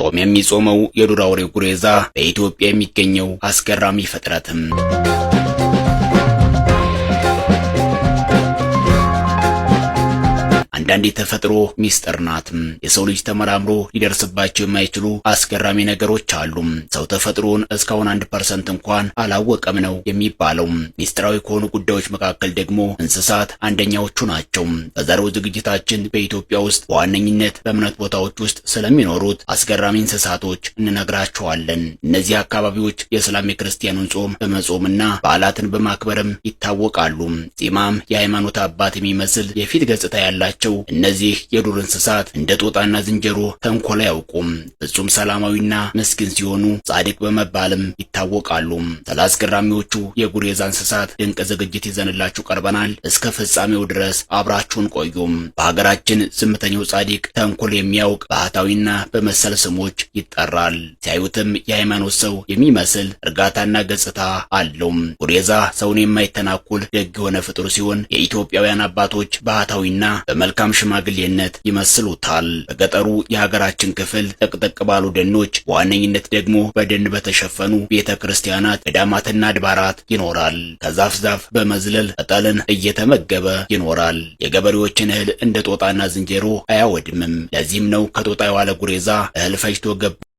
ጾም የሚጾመው የዱር አውሬ ጉሬዛ በኢትዮጵያ የሚገኘው አስገራሚ ፍጥረትም አንዳንድ የተፈጥሮ ሚስጥር ናት። የሰው ልጅ ተመራምሮ ሊደርስባቸው የማይችሉ አስገራሚ ነገሮች አሉ። ሰው ተፈጥሮን እስካሁን አንድ ፐርሰንት እንኳን አላወቀም ነው የሚባለው። ሚስጥራዊ ከሆኑ ጉዳዮች መካከል ደግሞ እንስሳት አንደኛዎቹ ናቸው። በዛሬው ዝግጅታችን በኢትዮጵያ ውስጥ በዋነኝነት በእምነት ቦታዎች ውስጥ ስለሚኖሩት አስገራሚ እንስሳቶች እንነግራቸዋለን። እነዚህ አካባቢዎች የእስላም የክርስቲያኑን ጾም በመጾምና በዓላትን በማክበርም ይታወቃሉ። ጺማም የሃይማኖት አባት የሚመስል የፊት ገጽታ ያላቸው እነዚህ የዱር እንስሳት እንደ ጦጣና ዝንጀሮ ተንኮል አያውቁም። ፍጹም ሰላማዊና መስኪን ሲሆኑ ጻድቅ በመባልም ይታወቃሉ። ስለ አስገራሚዎቹ የጉሬዛ እንስሳት ድንቅ ዝግጅት ይዘንላችሁ ቀርበናል። እስከ ፍጻሜው ድረስ አብራችሁን ቆዩም። በሀገራችን ዝምተኛው ጻድቅ ተንኮል የሚያውቅ ባህታዊና በመሰል ስሞች ይጠራል። ሲያዩትም የሃይማኖት ሰው የሚመስል እርጋታና ገጽታ አለው። ጉሬዛ ሰውን የማይተናኩል ደግ የሆነ ፍጡር ሲሆን የኢትዮጵያውያን አባቶች ባህታዊና በመልካም የሀብታም ሽማግሌነት ይመስሉታል። በገጠሩ የሀገራችን ክፍል ጥቅጥቅ ባሉ ደኖች፣ በዋነኝነት ደግሞ በደን በተሸፈኑ ቤተ ክርስቲያናት፣ ገዳማትና አድባራት ይኖራል። ከዛፍ ዛፍ በመዝለል ቅጠልን እየተመገበ ይኖራል። የገበሬዎችን እህል እንደ ጦጣና ዝንጀሮ አያወድምም። ለዚህም ነው ከጦጣ የዋለ ጉሬዛ እህል ፈጅቶ ገባ።